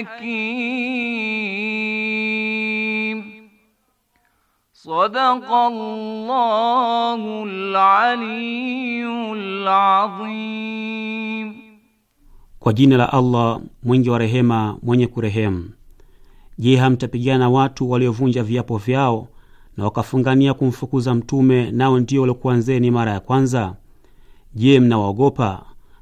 hakim. Sadakallahu al azim. Kwa jina la Allah mwingi wa rehema mwenye kurehemu. Je, hamtapigana watu waliovunja viapo vyao na wakafungania kumfukuza Mtume, nao ndio waliokuanzeni mara ya kwanza? Je, mnawaogopa?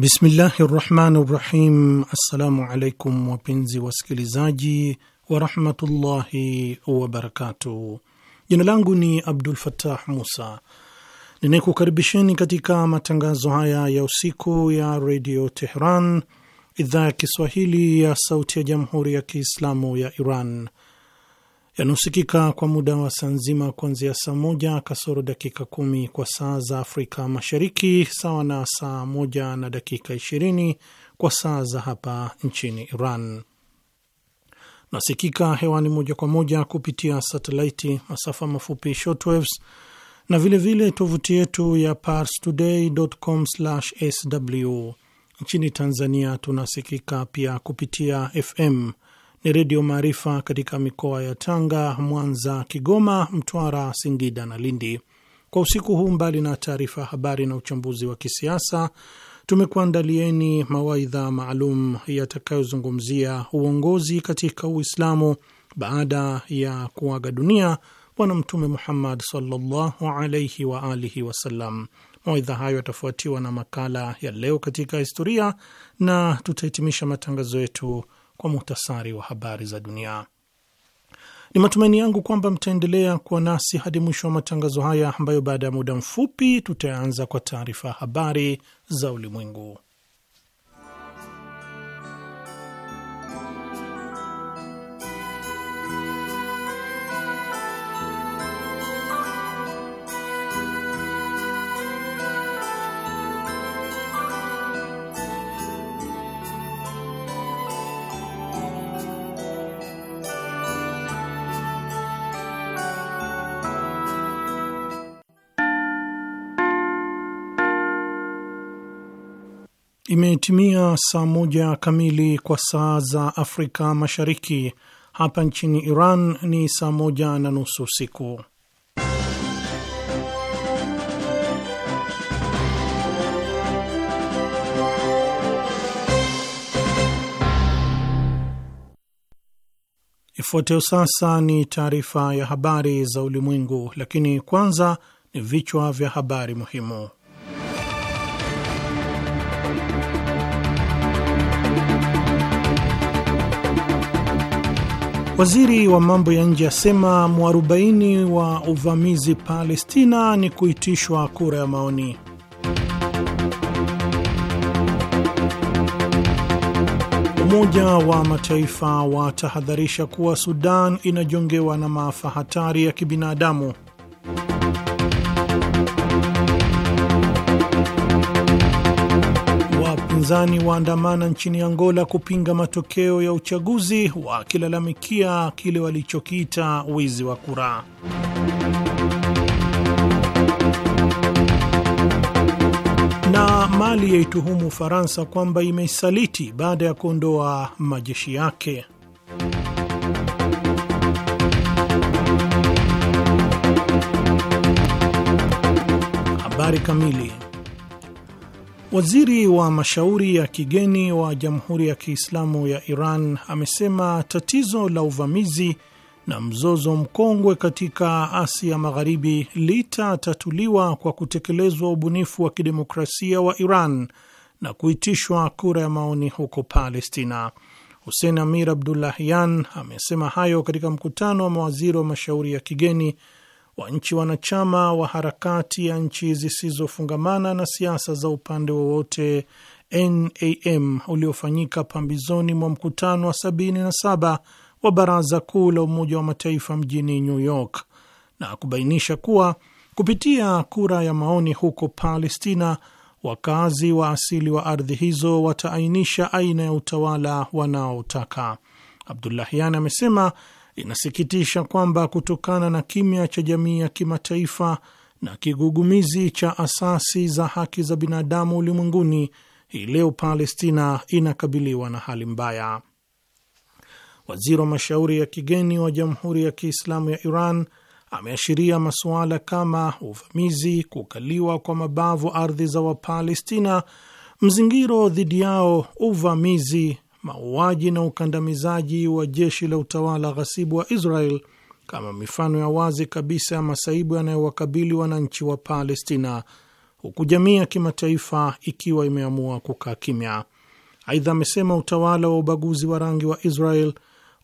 Bismillahi rahmani rahim. Assalamu alaikum wapenzi wasikilizaji warahmatullahi wabarakatuh. Jina langu ni Abdul fatah Musa, ninakukaribisheni katika matangazo haya ya usiku ya redio Tehran, idhaa ya Kiswahili ya sauti ya jamhuri ya Kiislamu ya Iran yanaosikika kwa muda wa saa nzima kuanzia saa moja kasoro dakika kumi kwa saa za Afrika Mashariki, sawa na saa moja na dakika ishirini kwa saa za hapa nchini Iran. Nasikika hewani moja kwa moja kupitia satelaiti, masafa mafupi shortwaves na vilevile tovuti yetu ya parstoday.com/sw. Nchini Tanzania tunasikika pia kupitia FM ni Redio Maarifa katika mikoa ya Tanga, Mwanza, Kigoma, Mtwara, Singida na Lindi. Kwa usiku huu, mbali na taarifa ya habari na uchambuzi wa kisiasa, tumekuandalieni mawaidha maalum yatakayozungumzia uongozi katika Uislamu baada ya kuaga dunia Bwana Mtume Muhammad sallallahu alaihi wa alihi wasallam. Mawaidha hayo yatafuatiwa na makala ya leo katika historia na tutahitimisha matangazo yetu kwa muhtasari wa habari za dunia. Ni matumaini yangu kwamba mtaendelea kuwa nasi hadi mwisho wa matangazo haya ambayo baada ya muda mfupi tutaanza kwa taarifa habari za ulimwengu. Imetimia saa moja kamili kwa saa za Afrika Mashariki. Hapa nchini Iran ni saa moja na nusu usiku. Ifuatayo sasa ni taarifa ya habari za ulimwengu, lakini kwanza ni vichwa vya habari muhimu. Waziri wa mambo ya nje asema mwarobaini wa uvamizi Palestina ni kuitishwa kura ya maoni. Umoja wa Mataifa watahadharisha kuwa Sudan inajongewa na maafa hatari ya kibinadamu. upinzani waandamana nchini Angola kupinga matokeo ya uchaguzi wakilalamikia kile walichokiita wizi wa kura. Na Mali yaituhumu Ufaransa kwamba imeisaliti baada ya kuondoa majeshi yake. Habari kamili Waziri wa mashauri ya kigeni wa Jamhuri ya Kiislamu ya Iran amesema tatizo la uvamizi na mzozo mkongwe katika Asia Magharibi litatatuliwa kwa kutekelezwa ubunifu wa kidemokrasia wa Iran na kuitishwa kura ya maoni huko Palestina. Hussein Amir Abdullahian amesema hayo katika mkutano wa mawaziri wa mashauri ya kigeni wa nchi wanachama wa harakati ya nchi zisizofungamana na siasa za upande wowote NAM uliofanyika pambizoni mwa mkutano wa 77 wa Baraza Kuu la Umoja wa Mataifa mjini New York na kubainisha kuwa kupitia kura ya maoni huko Palestina, wakazi wa asili wa ardhi hizo wataainisha aina ya utawala wanaotaka. Abdullahian amesema Inasikitisha kwamba kutokana na kimya cha jamii ya kimataifa na kigugumizi cha asasi za haki za binadamu ulimwenguni, hii leo Palestina inakabiliwa na hali mbaya. Waziri wa mashauri ya kigeni wa Jamhuri ya Kiislamu ya Iran ameashiria masuala kama uvamizi, kukaliwa kwa mabavu ardhi za Wapalestina, mzingiro dhidi yao, uvamizi mauaji na ukandamizaji wa jeshi la utawala ghasibu wa Israel kama mifano ya wazi kabisa ya masaibu yanayowakabili wananchi wa Palestina, huku jamii ya kimataifa ikiwa imeamua kukaa kimya. Aidha, amesema utawala wa ubaguzi wa rangi wa Israel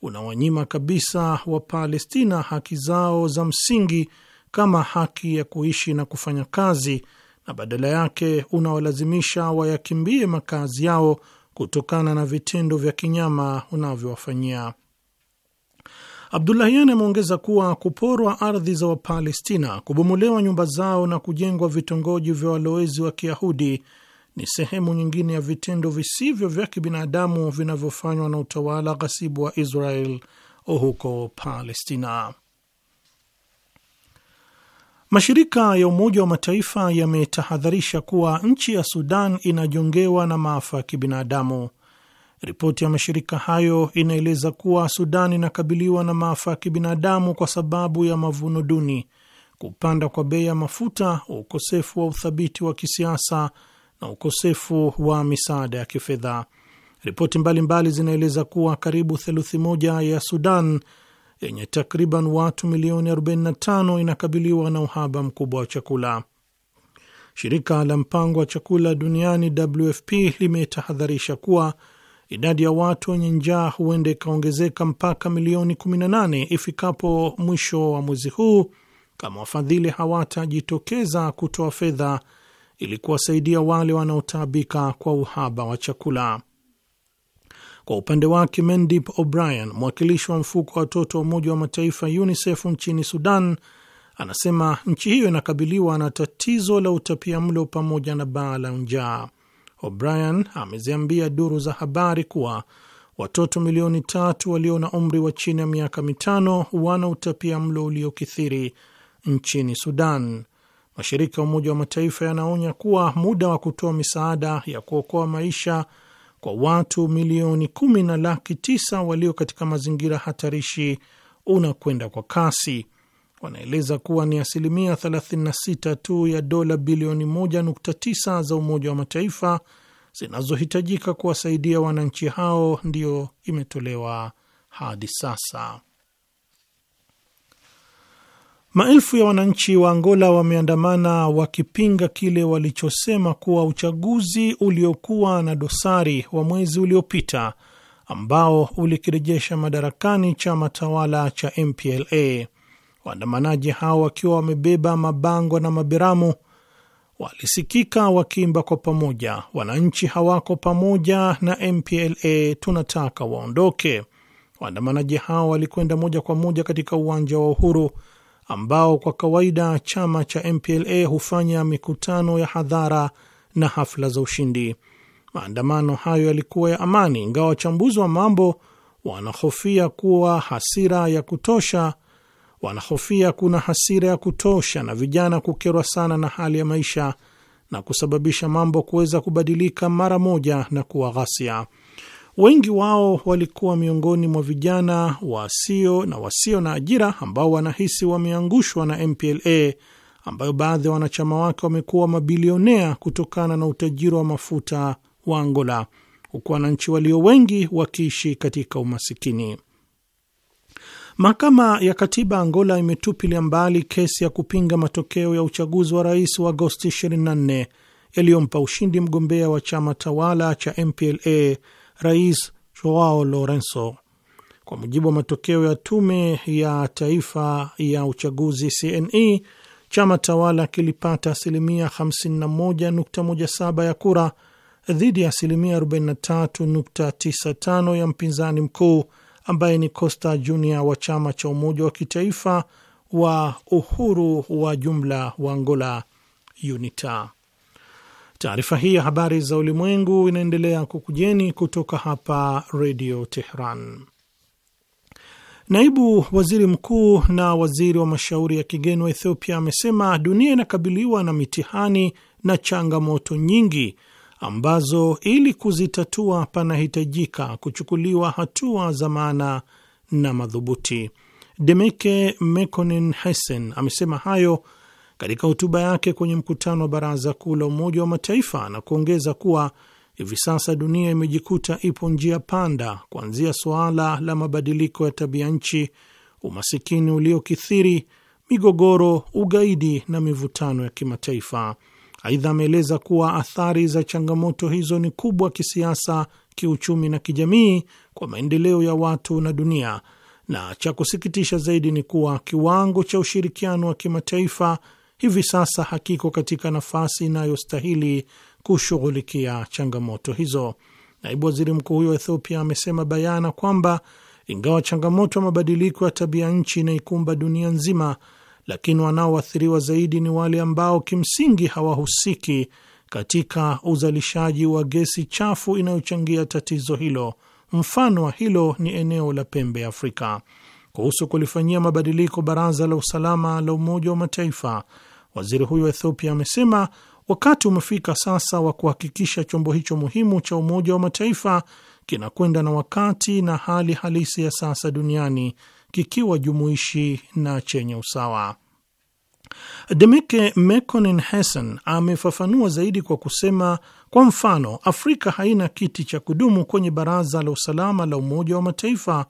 unawanyima kabisa wa palestina haki zao za msingi kama haki ya kuishi na kufanya kazi na badala yake unawalazimisha wayakimbie makazi yao kutokana na vitendo vya kinyama unavyowafanyia. Abdulahian ameongeza kuwa kuporwa ardhi za Wapalestina, kubomolewa nyumba zao na kujengwa vitongoji vya walowezi wa Kiyahudi ni sehemu nyingine ya vitendo visivyo vya kibinadamu vinavyofanywa na utawala ghasibu wa Israel huko Palestina. Mashirika ya Umoja wa Mataifa yametahadharisha kuwa nchi ya Sudan inajongewa na maafa ya kibinadamu. Ripoti ya mashirika hayo inaeleza kuwa Sudan inakabiliwa na maafa ya kibinadamu kwa sababu ya mavuno duni, kupanda kwa bei ya mafuta, ukosefu wa uthabiti wa kisiasa na ukosefu wa misaada ya kifedha. Ripoti mbalimbali zinaeleza kuwa karibu theluthi moja ya Sudan yenye takriban watu milioni 45 inakabiliwa na uhaba mkubwa wa chakula. Shirika la mpango wa chakula duniani WFP limetahadharisha kuwa idadi ya watu wenye njaa huenda ikaongezeka mpaka milioni 18 ifikapo mwisho wa mwezi huu kama wafadhili hawatajitokeza kutoa fedha ili kuwasaidia wale wanaotaabika kwa uhaba wa chakula. Kwa upande wake Mendip O'Brien, mwakilishi wa mfuko wa watoto wa Umoja wa Mataifa UNICEF nchini Sudan, anasema nchi hiyo inakabiliwa na tatizo la utapia mlo pamoja na baa la njaa. O'Brien ameziambia duru za habari kuwa watoto milioni tatu walio na umri wa chini ya miaka mitano wana utapia mlo uliokithiri nchini Sudan. Mashirika ya Umoja wa Mataifa yanaonya kuwa muda wa kutoa misaada ya kuokoa maisha kwa watu milioni kumi na laki tisa walio katika mazingira hatarishi unakwenda kwa kasi. Wanaeleza kuwa ni asilimia 36 tu ya dola bilioni 1.9 za Umoja wa Mataifa zinazohitajika kuwasaidia wananchi hao ndiyo imetolewa hadi sasa. Maelfu ya wananchi wa Angola wameandamana wakipinga kile walichosema kuwa uchaguzi uliokuwa na dosari wa mwezi uliopita ambao ulikirejesha madarakani chama tawala cha MPLA. Waandamanaji hao wakiwa wamebeba mabango na mabiramu walisikika wakiimba kwa pamoja, wananchi hawako pamoja na MPLA, tunataka waondoke. Waandamanaji hao walikwenda moja kwa moja katika uwanja wa Uhuru ambao kwa kawaida chama cha MPLA hufanya mikutano ya hadhara na hafla za ushindi. Maandamano hayo yalikuwa ya amani, ingawa wachambuzi wa mambo wanahofia kuwa hasira ya kutosha wanahofia kuna hasira ya kutosha na vijana kukerwa sana na hali ya maisha na kusababisha mambo kuweza kubadilika mara moja na kuwa ghasia. Wengi wao walikuwa miongoni mwa vijana wasio na wasio na ajira ambao wanahisi wameangushwa na MPLA ambayo baadhi ya wanachama wake wamekuwa mabilionea kutokana na utajiri wa mafuta wa Angola, huku wananchi walio wengi wakiishi katika umasikini. Mahakama ya Katiba Angola imetupilia mbali kesi ya kupinga matokeo ya uchaguzi wa rais wa Agosti 24 yaliyompa ushindi mgombea wa chama tawala cha MPLA Rais Joao Lorenzo. Kwa mujibu wa matokeo ya tume ya taifa ya uchaguzi CNE, chama tawala kilipata asilimia 51.17 ya kura dhidi ya asilimia 43.95 ya mpinzani mkuu ambaye ni Costa Junior wa chama cha umoja wa kitaifa wa uhuru wa jumla wa Angola, UNITA. Taarifa hii ya habari za ulimwengu inaendelea kukujeni kutoka hapa Redio Tehran. Naibu waziri mkuu na waziri wa mashauri ya kigeni wa Ethiopia amesema dunia inakabiliwa na mitihani na changamoto nyingi ambazo ili kuzitatua panahitajika kuchukuliwa hatua za maana na madhubuti. Demeke Mekonnen Hessen amesema hayo katika hotuba yake kwenye mkutano wa Baraza Kuu la Umoja wa Mataifa na kuongeza kuwa hivi sasa dunia imejikuta ipo njia panda, kuanzia suala la mabadiliko ya tabia nchi, umasikini uliokithiri, migogoro, ugaidi na mivutano ya kimataifa. Aidha, ameeleza kuwa athari za changamoto hizo ni kubwa kisiasa, kiuchumi na kijamii kwa maendeleo ya watu na dunia, na cha kusikitisha zaidi ni kuwa kiwango cha ushirikiano wa kimataifa hivi sasa hakiko katika nafasi inayostahili kushughulikia changamoto hizo. Naibu waziri mkuu huyo wa Ethiopia amesema bayana kwamba ingawa changamoto ya mabadiliko ya tabia nchi inaikumba dunia nzima, lakini wanaoathiriwa zaidi ni wale ambao kimsingi hawahusiki katika uzalishaji wa gesi chafu inayochangia tatizo hilo. Mfano wa hilo ni eneo la pembe ya Afrika. Kuhusu kulifanyia mabadiliko Baraza la Usalama la Umoja wa Mataifa, Waziri huyo wa Ethiopia amesema wakati umefika sasa wa kuhakikisha chombo hicho muhimu cha Umoja wa Mataifa kinakwenda na wakati na hali halisi ya sasa duniani kikiwa jumuishi na chenye usawa. Demeke Mekonnen Hessen amefafanua zaidi kwa kusema, kwa mfano, Afrika haina kiti cha kudumu kwenye Baraza la Usalama la Umoja wa Mataifa,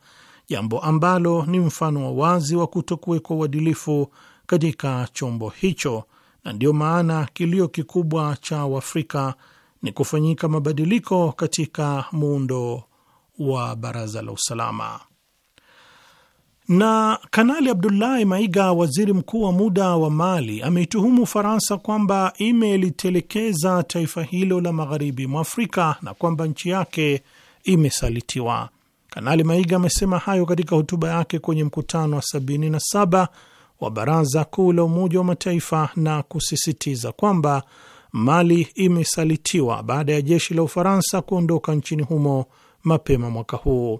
jambo ambalo ni mfano wa wazi wa kutokuwekwa uadilifu katika chombo hicho, na ndiyo maana kilio kikubwa cha Waafrika ni kufanyika mabadiliko katika muundo wa Baraza la Usalama. Na Kanali Abdullahi Maiga, waziri mkuu wa muda wa Mali, ameituhumu Ufaransa kwamba imelitelekeza taifa hilo la magharibi mwa Afrika na kwamba nchi yake imesalitiwa. Kanali Maiga amesema hayo katika hotuba yake kwenye mkutano wa 77 wa Baraza Kuu la Umoja wa Mataifa na kusisitiza kwamba Mali imesalitiwa baada ya jeshi la Ufaransa kuondoka nchini humo mapema mwaka huu.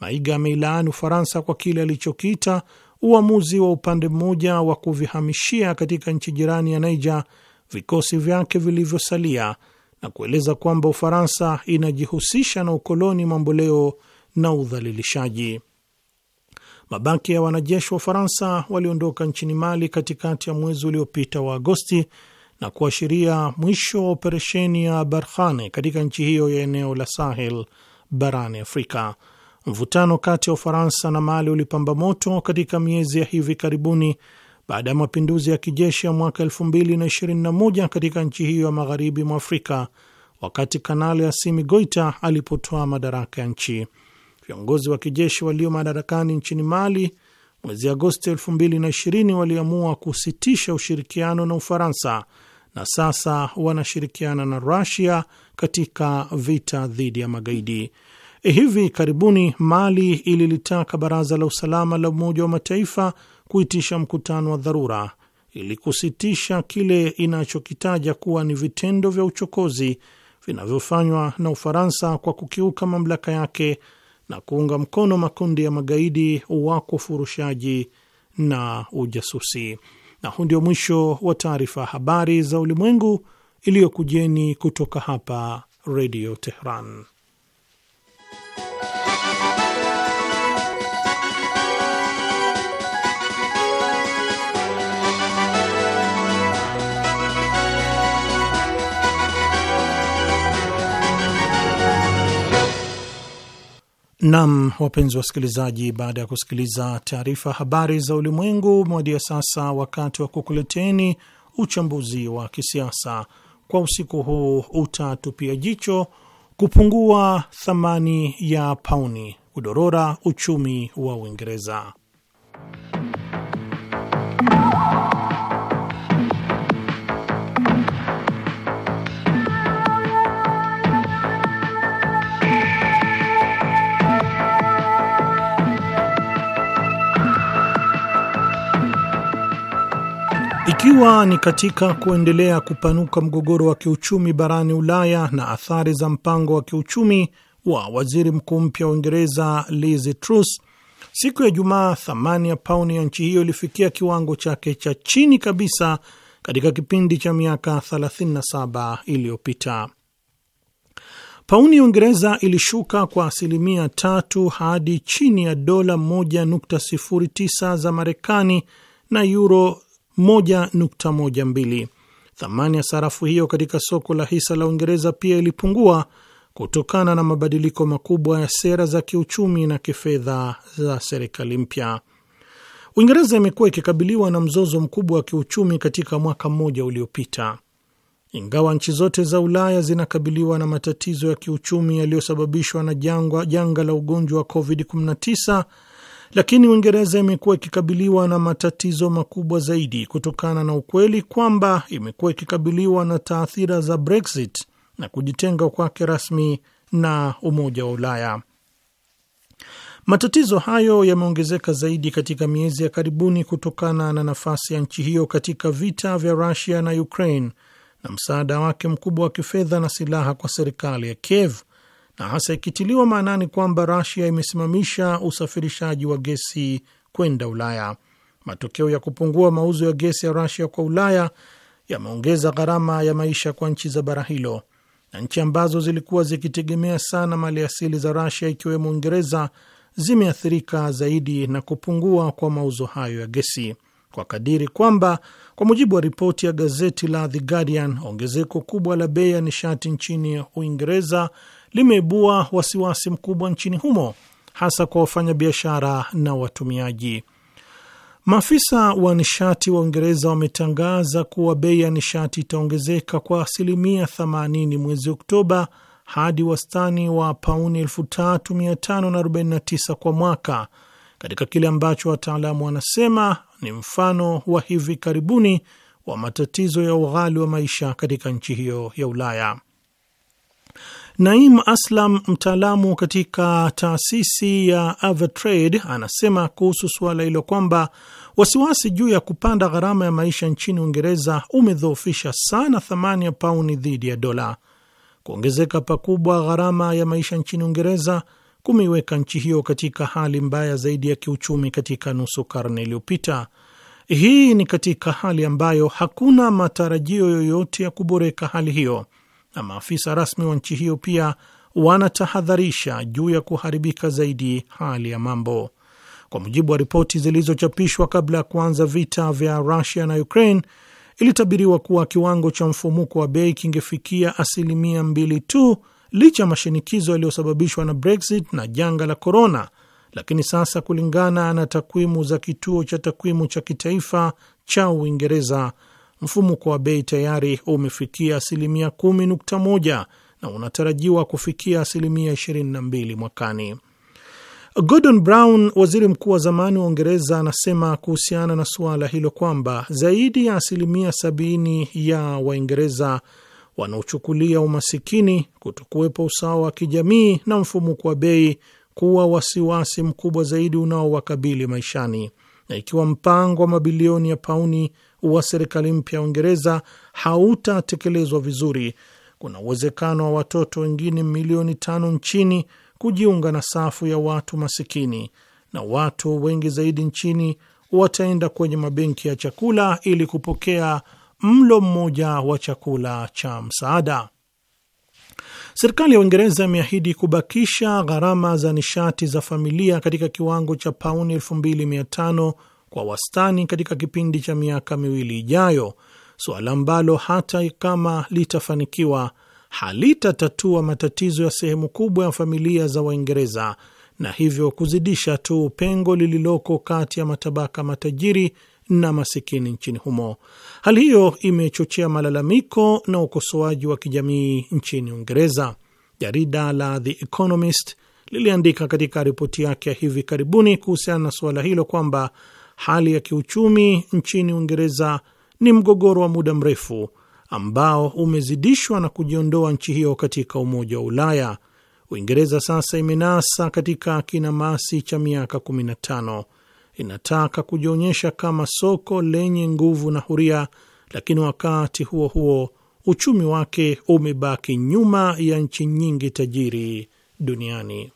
Maiga ameilaani Ufaransa kwa kile alichokiita uamuzi wa upande mmoja wa kuvihamishia katika nchi jirani ya Niger vikosi vyake vilivyosalia na kueleza kwamba Ufaransa inajihusisha na ukoloni mamboleo na udhalilishaji. Mabaki ya wanajeshi wa Ufaransa waliondoka nchini Mali katikati ya mwezi uliopita wa Agosti na kuashiria mwisho wa operesheni ya Barkhane katika nchi hiyo ya eneo la Sahel barani Afrika. Mvutano kati ya Ufaransa na Mali ulipamba moto katika miezi ya hivi karibuni baada ya mapinduzi ya kijeshi ya mwaka 2021 katika nchi hiyo ya magharibi mwa Afrika, wakati Kanali Assimi Goita alipotoa madaraka ya nchi viongozi wa kijeshi walio madarakani nchini Mali mwezi Agosti 2020 waliamua kusitisha ushirikiano na Ufaransa na sasa wanashirikiana na Rusia katika vita dhidi ya magaidi. Hivi karibuni Mali ililitaka Baraza la Usalama la Umoja wa Mataifa kuitisha mkutano wa dharura ili kusitisha kile inachokitaja kuwa ni vitendo vya uchokozi vinavyofanywa na Ufaransa kwa kukiuka mamlaka yake na kuunga mkono makundi ya magaidi wa kufurushaji na ujasusi. Na huu ndio mwisho wa taarifa habari za ulimwengu iliyokujeni kutoka hapa Redio Tehran. Nam, wapenzi wasikilizaji, baada ya kusikiliza taarifa habari za ulimwengu mwadia, sasa wakati wa kukuleteni uchambuzi wa kisiasa kwa usiku huu. Utatupia jicho kupungua thamani ya pauni, kudorora uchumi wa Uingereza. Ikiwa ni katika kuendelea kupanuka mgogoro wa kiuchumi barani Ulaya na athari za mpango wa kiuchumi wa waziri mkuu mpya wa Uingereza Liz Truss, siku ya Jumaa thamani ya pauni ya nchi hiyo ilifikia kiwango chake cha chini kabisa katika kipindi cha miaka 37 iliyopita. Pauni ya Uingereza ilishuka kwa asilimia tatu hadi chini ya dola 1.09 za Marekani na yuro 1.12. Thamani ya sarafu hiyo katika soko la hisa la Uingereza pia ilipungua kutokana na mabadiliko makubwa ya sera za kiuchumi na kifedha za serikali mpya. Uingereza imekuwa ikikabiliwa na mzozo mkubwa wa kiuchumi katika mwaka mmoja uliopita. Ingawa nchi zote za Ulaya zinakabiliwa na matatizo ya kiuchumi yaliyosababishwa na jangwa janga la ugonjwa wa COVID-19 lakini Uingereza imekuwa ikikabiliwa na matatizo makubwa zaidi kutokana na ukweli kwamba imekuwa ikikabiliwa na taathira za Brexit na kujitenga kwake rasmi na Umoja wa Ulaya. Matatizo hayo yameongezeka zaidi katika miezi ya karibuni kutokana na nafasi ya nchi hiyo katika vita vya Rusia na Ukraine na msaada wake mkubwa wa kifedha na silaha kwa serikali ya Kiev na hasa ikitiliwa maanani kwamba Rasia imesimamisha usafirishaji wa gesi kwenda Ulaya. Matokeo ya kupungua mauzo ya gesi ya Rasia kwa Ulaya yameongeza gharama ya maisha kwa nchi za bara hilo, na nchi ambazo zilikuwa zikitegemea sana mali asili za Rasia ikiwemo Uingereza zimeathirika zaidi na kupungua kwa mauzo hayo ya gesi kwa kadiri kwamba kwa mujibu wa ripoti ya gazeti la The Guardian, ongezeko kubwa la bei ya nishati nchini Uingereza limeibua wasiwasi mkubwa nchini humo hasa kwa wafanyabiashara na watumiaji. Maafisa wa nishati wa Uingereza wametangaza kuwa bei ya nishati itaongezeka kwa asilimia 80 mwezi Oktoba hadi wastani wa pauni 3549 kwa mwaka katika kile ambacho wataalamu wanasema ni mfano wa hivi karibuni wa matatizo ya ughali wa maisha katika nchi hiyo ya Ulaya. Naim Aslam, mtaalamu katika taasisi ya Avatrade, anasema kuhusu suala hilo kwamba wasiwasi juu ya kupanda gharama ya maisha nchini Uingereza umedhoofisha sana thamani ya pauni dhidi ya dola. Kuongezeka pakubwa gharama ya maisha nchini Uingereza kumeiweka nchi hiyo katika hali mbaya zaidi ya kiuchumi katika nusu karne iliyopita. Hii ni katika hali ambayo hakuna matarajio yoyote ya kuboreka hali hiyo na maafisa rasmi wa nchi hiyo pia wanatahadharisha juu ya kuharibika zaidi hali ya mambo. Kwa mujibu wa ripoti zilizochapishwa kabla ya kuanza vita vya Rusia na Ukraine, ilitabiriwa kuwa kiwango cha mfumuko wa bei kingefikia asilimia mbili tu licha ya mashinikizo yaliyosababishwa na Brexit na janga la korona, lakini sasa, kulingana na takwimu za kituo cha takwimu cha kitaifa cha Uingereza, mfumuko wa bei tayari umefikia asilimia 10.1 na unatarajiwa kufikia asilimia 22 mwakani. Gordon Brown, waziri mkuu wa zamani wa Uingereza, anasema kuhusiana na suala hilo kwamba zaidi ya asilimia 70 ya Waingereza wanaochukulia umasikini, kutokuwepo usawa wa kijamii na mfumuko wa bei kuwa wasiwasi mkubwa zaidi unaowakabili maishani, na ikiwa mpango wa mabilioni ya pauni wa serikali mpya ya Uingereza hautatekelezwa vizuri, kuna uwezekano wa watoto wengine milioni tano nchini kujiunga na safu ya watu masikini na watu wengi zaidi nchini wataenda kwenye mabenki ya chakula ili kupokea mlo mmoja wa chakula cha msaada. Serikali ya Uingereza imeahidi kubakisha gharama za nishati za familia katika kiwango cha pauni 2500 kwa wastani katika kipindi cha miaka miwili ijayo, suala ambalo hata kama litafanikiwa halitatatua matatizo ya sehemu kubwa ya familia za Waingereza na hivyo kuzidisha tu pengo lililoko kati ya matabaka matajiri na masikini nchini humo. Hali hiyo imechochea malalamiko na ukosoaji wa kijamii nchini Uingereza. Jarida la The Economist liliandika katika ripoti yake ya hivi karibuni kuhusiana na suala hilo kwamba hali ya kiuchumi nchini Uingereza ni mgogoro wa muda mrefu ambao umezidishwa na kujiondoa nchi hiyo katika Umoja wa Ulaya. Uingereza sasa imenasa katika kinamasi cha miaka 15. Inataka kujionyesha kama soko lenye nguvu na huria, lakini wakati huo huo uchumi wake umebaki nyuma ya nchi nyingi tajiri duniani.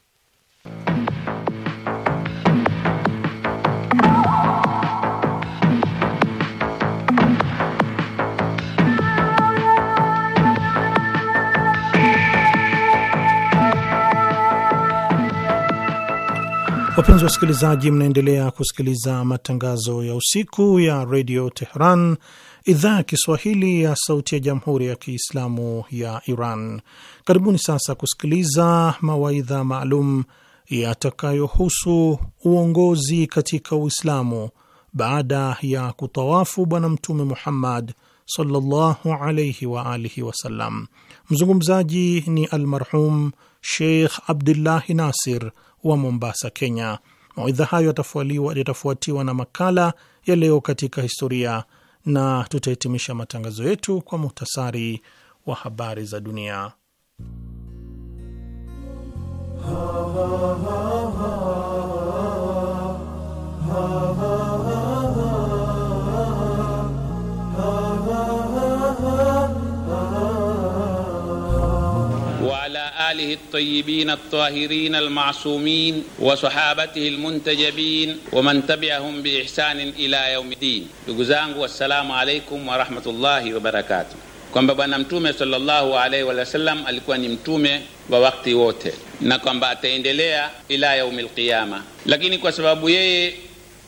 Wapenzi wasikilizaji, mnaendelea kusikiliza matangazo ya usiku ya redio Tehran, idhaa ya Kiswahili ya sauti ya jamhuri ya Kiislamu ya Iran. Karibuni sasa kusikiliza mawaidha maalum yatakayohusu uongozi katika Uislamu baada ya kutawafu Bwana Mtume Muhammad sallallahu alaihi wasallam. Mzungumzaji ni almarhum Sheikh Abdullahi Nasir wa Mombasa, Kenya. Mawaidha hayo yatafuatiwa na makala ya leo katika historia na tutahitimisha matangazo yetu kwa muhtasari wa habari za dunia. ha, ha, ha, ha, ha, ha. آله الطيبين الطاهرين المعصومين وصحابته المنتجبين ومن تبعهم بإحسان إلى يوم الدين دقزانك والسلام عليكم ورحمة الله وبركاته كم ببنا متومة صلى الله عليه وسلم الكواني متومة ووقت ووته نكم دليا إلى يوم القيامة لكن كو سبب يي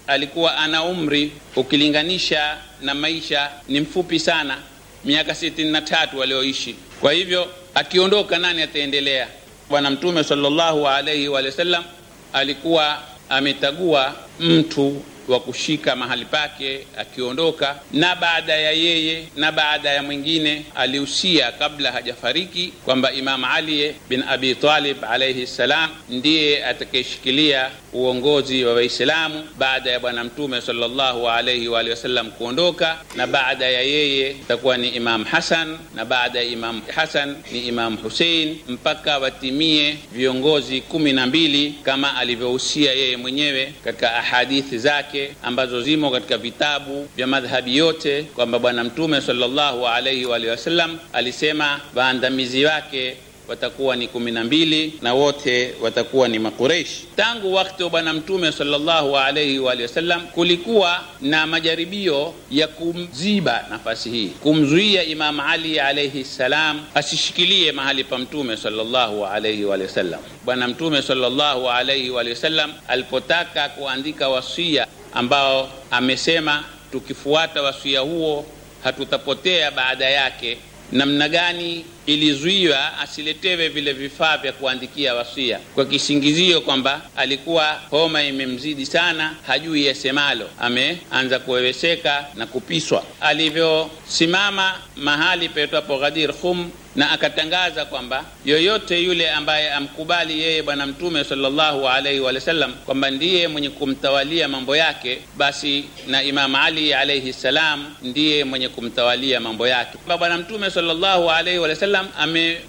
alikuwa ana umri ukilinganisha na maisha ni mfupi sana miaka sitini na tatu walioishi. Kwa hivyo akiondoka nani ataendelea? Bwana Mtume sallallahu alaihi wa sallam alikuwa ametagua mtu wa kushika mahali pake akiondoka, na baada ya yeye na baada ya mwingine. Aliusia kabla hajafariki kwamba Imam Ali bin Abi Talib alayhi salam ndiye atakayeshikilia uongozi wa Waislamu baada ya Bwana Mtume sallallahu alayhi wa alihi wasallam kuondoka, na baada ya yeye itakuwa ni Imam Hasan, na baada ya Imam Hasan ni Imam husein mpaka watimie viongozi kumi na mbili kama alivyohusia yeye mwenyewe katika ahadithi zake zake ambazo zimo katika vitabu vya madhhabi yote kwamba Bwana Mtume sallallahu alaihi wa alihi wasallam alisema waandamizi wake watakuwa ni kumi na mbili na wote watakuwa ni Makureishi. Tangu wakati wa Bwana Mtume sallallahu alaihi wa alihi wasallam, kulikuwa na majaribio ya kumziba nafasi hii, kumzuia Imamu Ali alaihi ssalam asishikilie mahali pa Mtume sallallahu alaihi wa alihi wasallam. Bwana Mtume sallallahu alaihi wa alihi wasallam alipotaka kuandika wasia ambao amesema tukifuata wasia huo hatutapotea baada yake namna gani ilizuiwa asiletewe vile vifaa vya kuandikia wasia kwa kisingizio kwamba alikuwa homa imemzidi sana, hajui yasemalo, ameanza kuweweseka na kupiswa. Alivyosimama mahali petwapo Ghadir Khum na akatangaza kwamba yoyote yule ambaye amkubali yeye Bwana Mtume sallallahu alaihi wa sallam kwamba ndiye mwenye kumtawalia mambo yake, basi na imamu Ali alaihi salam ndiye mwenye kumtawalia mambo yake. Bwana Mtume sallallahu alaihi wa sallam ame,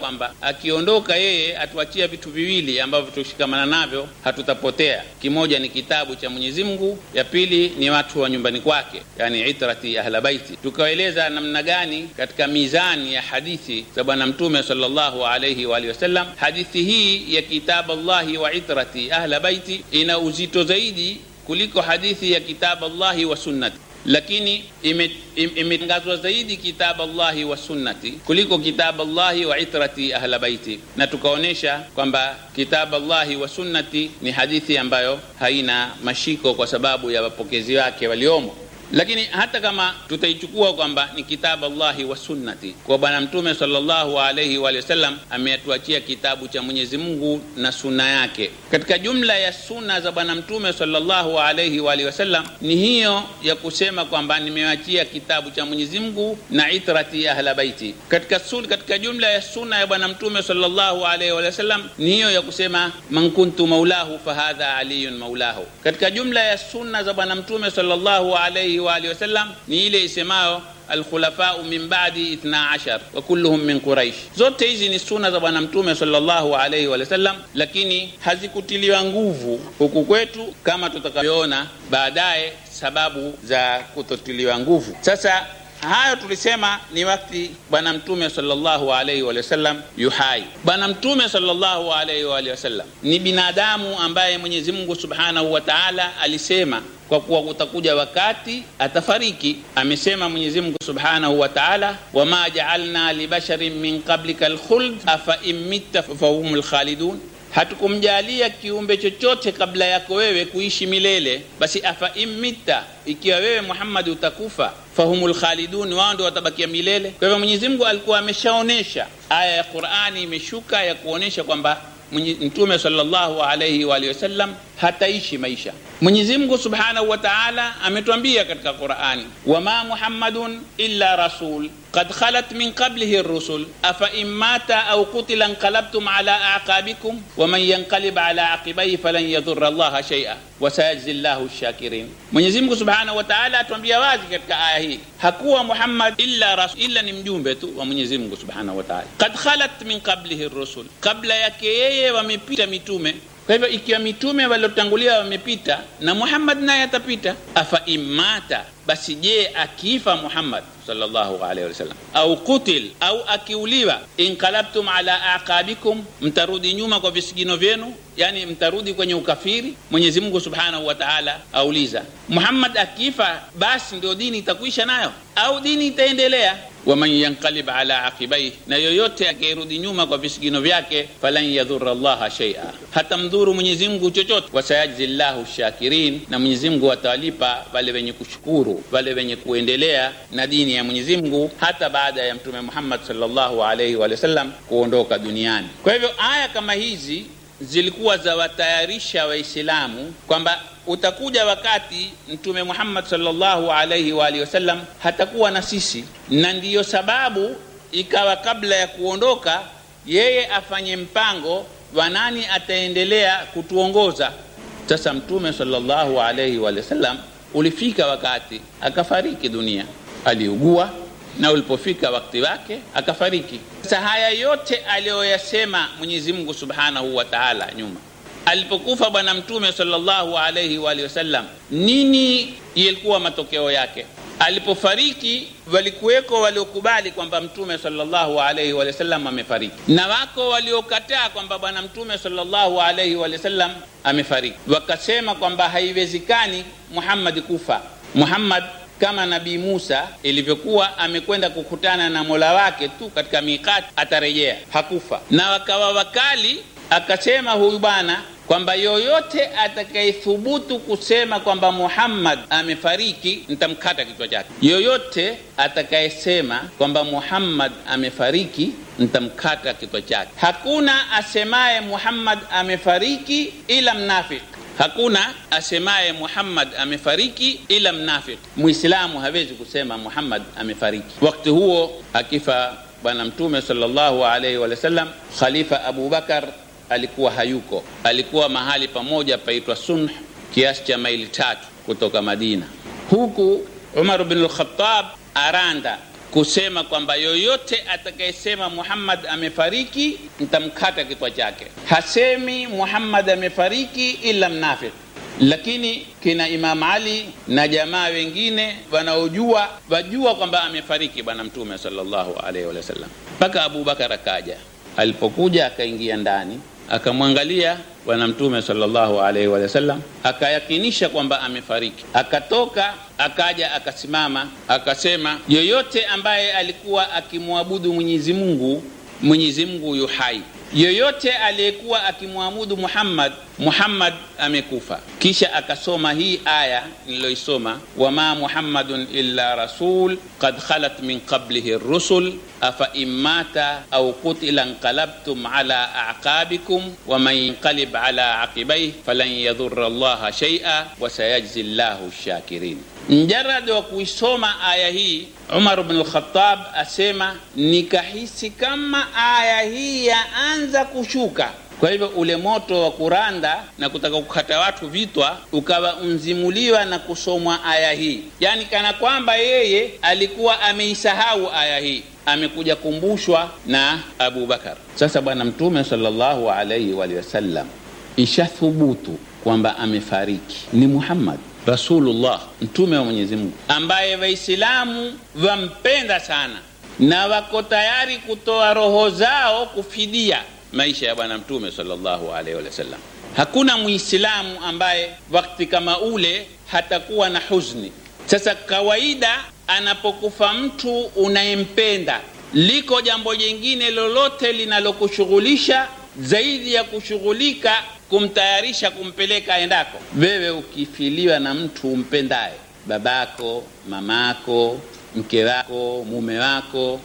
kwamba akiondoka yeye atuachia vitu viwili ambavyo tukishikamana navyo hatutapotea. Kimoja ni kitabu cha Mwenyezi Mungu, ya pili ni watu wa nyumbani kwake, yani itrati ahlabaiti. Tukaeleza namna gani katika mizani ya hadithi za Bwana Mtume sallallahu alayhi wa alihi wasallam. Hadithi hii ya kitabu Allahi wa itrati ahla baiti ina uzito zaidi kuliko hadithi ya kitabu Allahi wa sunnati, lakini imetangazwa ime zaidi kitabu Allahi wa sunnati kuliko kitabu Allahi wa itrati ahla baiti, na tukaonyesha kwamba kitabu Allahi wa sunnati ni hadithi ambayo haina mashiko kwa sababu ya wapokezi wake waliomo lakini hata kama tutaichukua kwamba ni kitabu Allahi wa sunnati, kwa Bwana Mtume sallallahu alaihi wa sallam ametuachia kitabu cha Mwenyezi Mungu na sunna yake. Katika jumla ya sunna za Bwana Mtume sallallahu alaihi wa sallam ni hiyo ya kusema kwamba nimewachia kitabu cha Mwenyezi Mungu na itrati ahla baiti. Katika sun, katika jumla ya sunna ya Bwana Mtume sallallahu alaihi wa sallam ni hiyo ya kusema man kuntu maulahu fahadha aliyun maulahu. Katika jumla ya sunna za Bwana Mtume sallallahu alaihi alihi wa alihi wasallam ni ile isemayo alkhulafau min badi ithna ashar wa kulluhum min quraish zote hizi ni suna za bwana mtume sallallahu alaihi wa sallam lakini hazikutiliwa nguvu huku kwetu kama tutakavyoona baadaye sababu za kutotiliwa nguvu sasa hayo tulisema ni wakati bwana mtume sallallahu alaihi wa sallam yuhai bwana mtume sallallahu alaihi wa sallam ni binadamu ambaye mwenyezi mungu subhanahu wa taala alisema kwa kuwa utakuja wakati atafariki. Amesema Mwenyezi Mungu Subhanahu wa Ta'ala, wama ja'alna libasharin min qablika alkhuld afa immitta fahumul khalidun, hatukumjalia kiumbe chochote kabla yako wewe kuishi milele. Basi afa imitta, ikiwa wewe Muhammad utakufa, fahumul khalidun, wao ndio watabakia milele. Kwa hivyo Mwenyezi Mungu alikuwa ameshaonesha, aya ya Qur'ani imeshuka ya kuonesha kwamba Mtume sallallahu alayhi wa sallam hataishi maisha. Mwenyezi Mungu subhanahu wa ta'ala ametuambia katika Qur'ani, wama Muhammadun illa rasul قد خلت من قبله الرسل أفإن مات أو قتل انقلبتم على أعقابكم ومن ينقلب على عقبيه فلن يضر الله شيئا وسيجزي الله الشاكرين من يزمك سبحانه وتعالى أتوم بيوازك كآيه هكوا محمد إلا رسول إلا نمجون بيته ومن يزمك سبحانه وتعالى قد خلت من قبله الرسل قبل يكيه ومن بيت ميتومه kwa hivyo ikiwa mitume waliotangulia wamepita na muhammad naye basi je akifa Muhammad sallallahu alaihi wasallam au kutil au akiuliwa, inqalabtum ala aqabikum, mtarudi nyuma kwa visigino vyenu, yani mtarudi kwenye ukafiri. Mwenyezi Mungu subhanahu wa taala auliza, Muhammad akifa, basi ndio dini itakwisha nayo au dini itaendelea? waman yanqalib ala aqibaih, na yoyote akirudi nyuma kwa visigino vyake, falan yadhurra llaha hata mdhuru Mwenyezi Mungu chochote. Wasayajzi llahu shakirin, na Mwenyezi Mungu atawalipa wale wenye kushukuru wale wenye kuendelea na dini ya Mwenyezi Mungu hata baada ya Mtume Muhammad sallallahu alaihi wa sallam kuondoka duniani. Kwa hivyo aya kama hizi zilikuwa za watayarisha Waislamu kwamba utakuja wakati Mtume Muhammad sallallahu alaihi wa hatakuwa na sisi, na ndiyo sababu ikawa kabla ya kuondoka yeye afanye mpango wa nani ataendelea kutuongoza. Sasa Mtume sallallahu alaihi wa Ulifika wakati akafariki dunia, aliugua na ulipofika wakati wake akafariki. Sasa haya yote aliyoyasema Mwenyezi Mungu Subhanahu wa Ta'ala nyuma alipokufa Bwana Mtume sallallahu alayhi wa alihi wasallam, nini yalikuwa matokeo yake? Alipofariki walikuweko waliokubali kwamba Mtume sallallahu alaihi wa sallam amefariki, na wako waliokataa kwamba Bwana Mtume sallallahu alaihi wa sallam amefariki, wakasema kwamba haiwezekani muhammadi kufa. Muhammad kama Nabii Musa ilivyokuwa amekwenda kukutana na Mola wake tu katika miqati, atarejea hakufa, na wakawa wakali, akasema huyu bwana kwamba yoyote atakayethubutu kusema kwamba Muhammad amefariki nitamkata kichwa chake. Yoyote atakayesema kwamba Muhammad amefariki nitamkata kichwa chake. Hakuna asemaye Muhammad amefariki ila mnafiki. Hakuna asemaye Muhammad amefariki ila mnafiki. Muislamu hawezi kusema Muhammad amefariki. Wakati huo akifa Bwana Mtume sallallahu alaihi wasallam, Khalifa Abu Bakar alikuwa hayuko, alikuwa mahali pamoja paitwa Sunh, kiasi cha maili tatu kutoka Madina. Huku Umar bin aranda kusema kwamba yoyote atakayesema Muhammad amefariki ntamkata kichwa chake. Hasemi Muhammad amefariki ila mnafik lakini kina Imam Ali na jamaa wengine wanaojua wajua kwamba amefariki Bwana Mtume sallallahu alaihi wasallam, mpaka Abubakar akaja. Alipokuja akaingia ndani akamwangalia Bwana Mtume sallallahu alaihi wa sallam, akayakinisha kwamba amefariki. Akatoka akaja akasimama akasema, yoyote ambaye alikuwa akimwabudu Mwenyezi Mungu, Mwenyezi Mungu yu hai yoyote aliyekuwa akimwabudu Muhammad, Muhammad amekufa. Kisha akasoma hii aya niliyoisoma, wama Muhammadun illa rasul qad khalat min qablihi rusul afa immata au kutila nqalabtum ala aqabikum wa man yanqalib ala aqibayhi falan yadhurra llaha shay'a wa sayajzi llahu shakirin. Mjaradi wa kuisoma aya hii Umar bin Khattab asema nikahisi kama aya hii yaanza kushuka kwa hivyo ule moto wa kuranda na kutaka kukata watu vitwa ukawa mzimuliwa na kusomwa aya hii, yaani kana kwamba yeye alikuwa ameisahau aya hii, amekuja kumbushwa na Abu Bakar. Sasa Bwana Mtume sallallahu alaihi wa sallam ishathubutu kwamba amefariki ni Muhammad Rasulullah, mtume wa Mwenyezi Mungu ambaye Waislamu wampenda sana na wako tayari kutoa roho zao kufidia maisha ya Bwana Mtume sallallahu alaihi sallam. Hakuna mwislamu ambaye wakati kama ule hatakuwa na huzni Sasa kawaida, anapokufa mtu unayempenda, liko jambo jingine lolote linalokushughulisha zaidi ya kushughulika kumtayarisha kumpeleka endako? Wewe ukifiliwa na mtu umpendaye, babako, mamako, mke wako, mume wako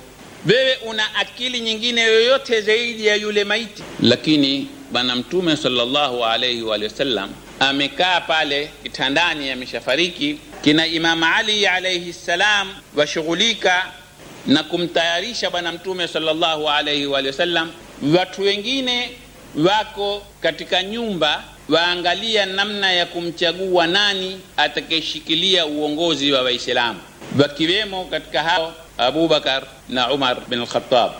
wewe una akili nyingine yoyote zaidi ya yule maiti. Lakini Bwana Mtume sallallahu alaihi wa sallam amekaa pale kitandani, ameshafariki. Kina Imamu Ali alaihi ssalam washughulika na kumtayarisha Bwana Mtume sallallahu alaihi wa sallam. Watu wengine wako katika nyumba waangalia namna ya kumchagua nani atakayeshikilia uongozi wa Waislamu, wakiwemo katika hao Abubakar na Umar bin al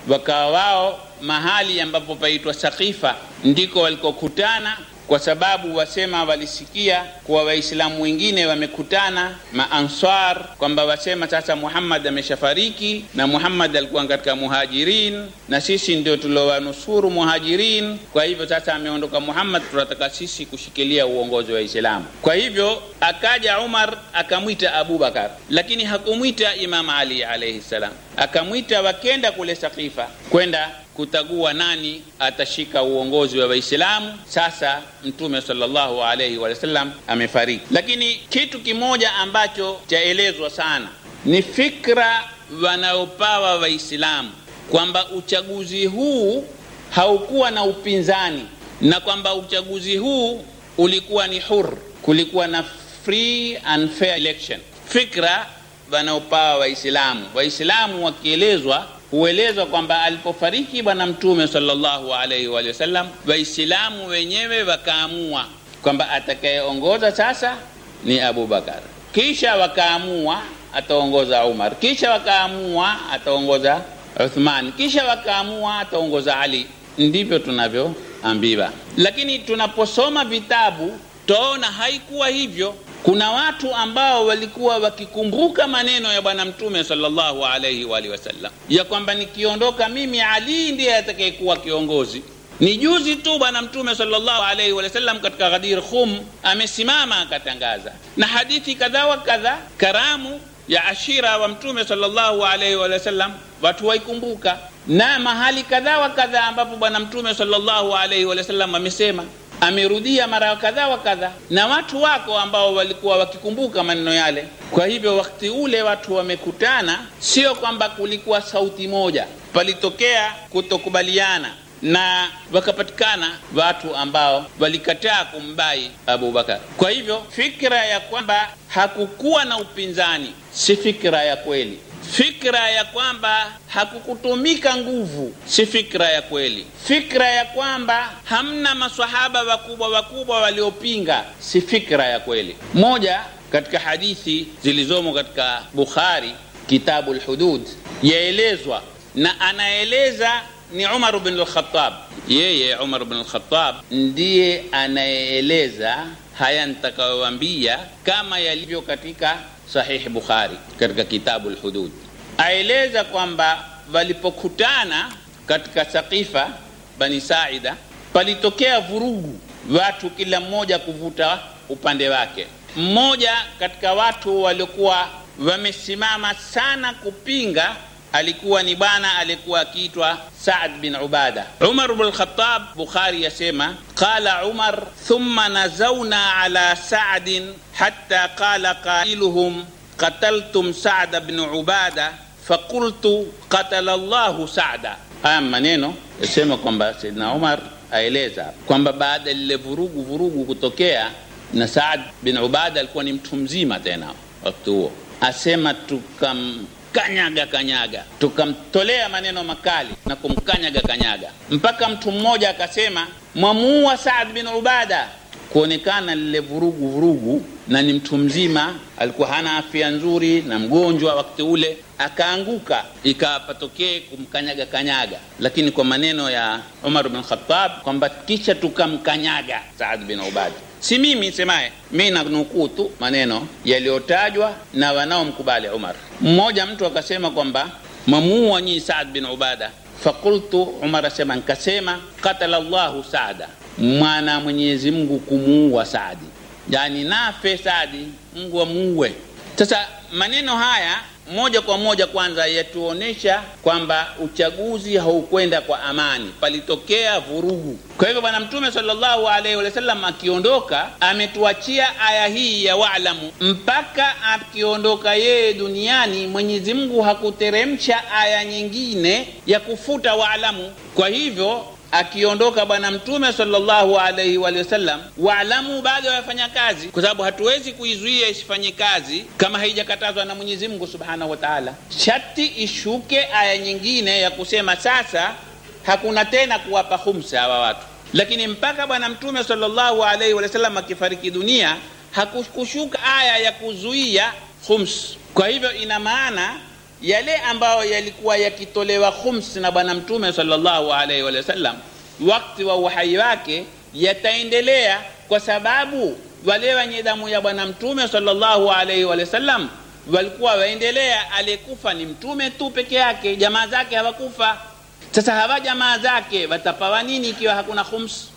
wakawa wao mahali ambapo paitwa Sakifa, ndiko walikokutana kwa sababu wasema walisikia kuwa Waislamu wengine wamekutana maanswar, kwamba wasema sasa Muhammad ameshafariki na Muhammad alikuwa katika muhajirin na sisi ndio tuliowanusuru muhajirin. Kwa hivyo sasa ameondoka Muhammad, tunataka sisi kushikilia uongozi wa Islamu. Kwa hivyo akaja Umar akamwita Abubakar, lakini hakumwita Imam Ali alaihi salam akamwita wakenda kule Sakifa kwenda kutagua nani atashika uongozi wa Waislamu. Sasa Mtume sallallahu alaihi wasallam amefariki, lakini kitu kimoja ambacho chaelezwa sana ni fikra wanaopawa Waislamu kwamba uchaguzi huu haukuwa na upinzani na kwamba uchaguzi huu ulikuwa ni huru, kulikuwa na free and fair election. Fikra wanaopaa Waislamu. Waislamu wakielezwa huelezwa kwamba alipofariki Bwana Mtume sallallahu alaihi wasallam, Waislamu wenyewe wakaamua kwamba atakayeongoza sasa ni Abubakar, kisha wakaamua ataongoza Umar, kisha wakaamua ataongoza Uthman, kisha wakaamua ataongoza Ali. Ndivyo tunavyoambiwa, lakini tunaposoma vitabu twaona haikuwa hivyo kuna watu ambao walikuwa wakikumbuka maneno ya bwana mtume sallallahu alaihi wa alihi wasallam ya kwamba nikiondoka mimi ali ndiye atakayekuwa kiongozi ni juzi tu bwana mtume sallallahu alaihi wasallam katika ghadir khum amesimama akatangaza na hadithi kadha wa kadha karamu ya ashira wa mtume sallallahu alaihi wasallam watu waikumbuka na mahali kadha wa kadha ambapo bwana mtume sallallahu alaihi wasallam amesema wa amerudia mara kadha wa kadha, na watu wako ambao walikuwa wakikumbuka maneno yale. Kwa hivyo wakati ule watu wamekutana, sio kwamba kulikuwa sauti moja, palitokea kutokubaliana na wakapatikana watu ambao walikataa kumbai Abubakar. Kwa hivyo fikra ya kwamba hakukuwa na upinzani si fikra ya kweli. Fikra ya kwamba hakukutumika nguvu si fikra ya kweli. Fikra ya kwamba hamna maswahaba wakubwa wakubwa waliopinga si fikra ya kweli. Moja katika hadithi zilizomo katika Bukhari kitabu Lhudud yaelezwa na anaeleza ni Umar bin Al-Khattab. Yeye Umar bin Al-Khattab ndiye anayeeleza haya nitakayowaambia, kama yalivyo katika Sahihi Bukhari katika kitabu al aeleza kwamba walipokutana katika Saqifa Bani Saida palitokea vurugu, watu kila mmoja kuvuta upande wake. Mmoja katika watu waliokuwa wamesimama sana kupinga alikuwa ni bwana alikuwa akiitwa Saad bin Ubada. Umar bin Khattab, Bukhari yasema qala Umar thumma nazauna ala Saadin hatta qala qailuhum qataltum Saada bin Ubada fakultu qatala llahu Saada. Haya maneno yasema kwamba Saidna Umar aeleza kwamba baada lile vurugu vurugu kutokea, na Saad bin Ubada alikuwa ni mtu mzima tena wakati huo, asema tukam kanyaga kanyaga, tukamtolea maneno makali na kumkanyaga kanyaga, mpaka mtu mmoja akasema mwamuua Saad bin Ubada, kuonekana lile vurugu vurugu, na ni mtu mzima, alikuwa hana afya nzuri na mgonjwa wakati ule, akaanguka ikapatokee kumkanyaga kanyaga, lakini kwa maneno ya Umar bin Khattab kwamba kisha tukamkanyaga Saad bin Ubada. Si mimi semaye, mi nanukuu tu maneno yaliyotajwa na wanaomkubali Umar. Mmoja mtu akasema kwamba mamuua nyii Saad bin Ubada. Fakultu, Umar asema nkasema, katala llahu Saada, mwana Mwenyezi Mungu kumuua Saadi, yani nafe Saadi, Mungu amuue. Sasa maneno haya moja kwa moja kwanza yatuonesha kwamba uchaguzi haukwenda kwa amani, palitokea vurugu. Kwa hivyo Bwana Mtume sallallahu alaihi wasallam akiondoka, ametuachia aya hii ya waalamu, mpaka akiondoka yeye duniani Mwenyezi Mungu hakuteremsha aya nyingine ya kufuta waalamu. Kwa hivyo akiondoka Bwana Mtume sallallahu alaihi sallam, waalamu baadhi ya wafanyakazi, kwa sababu hatuwezi kuizuia isifanye kazi kama haijakatazwa na Mwenyezi Mungu subhanahu wa taala. Sharti ishuke aya nyingine ya kusema sasa hakuna tena kuwapa khumsa hawa watu, lakini mpaka Bwana Mtume sallallahu alaihi wasallam akifariki dunia hakukushuka aya ya kuzuia khums. Kwa hivyo ina maana yale ambayo yalikuwa yakitolewa khums na bwana mtume sallallahu alaihi wasallam wakati wa uhai wake yataendelea kwa sababu wale wenye damu ya bwana mtume sallallahu alaihi wasallam walikuwa waendelea aliyekufa ni mtume tu peke yake jamaa zake hawakufa sasa hawa jamaa zake watapawa nini ikiwa hakuna khums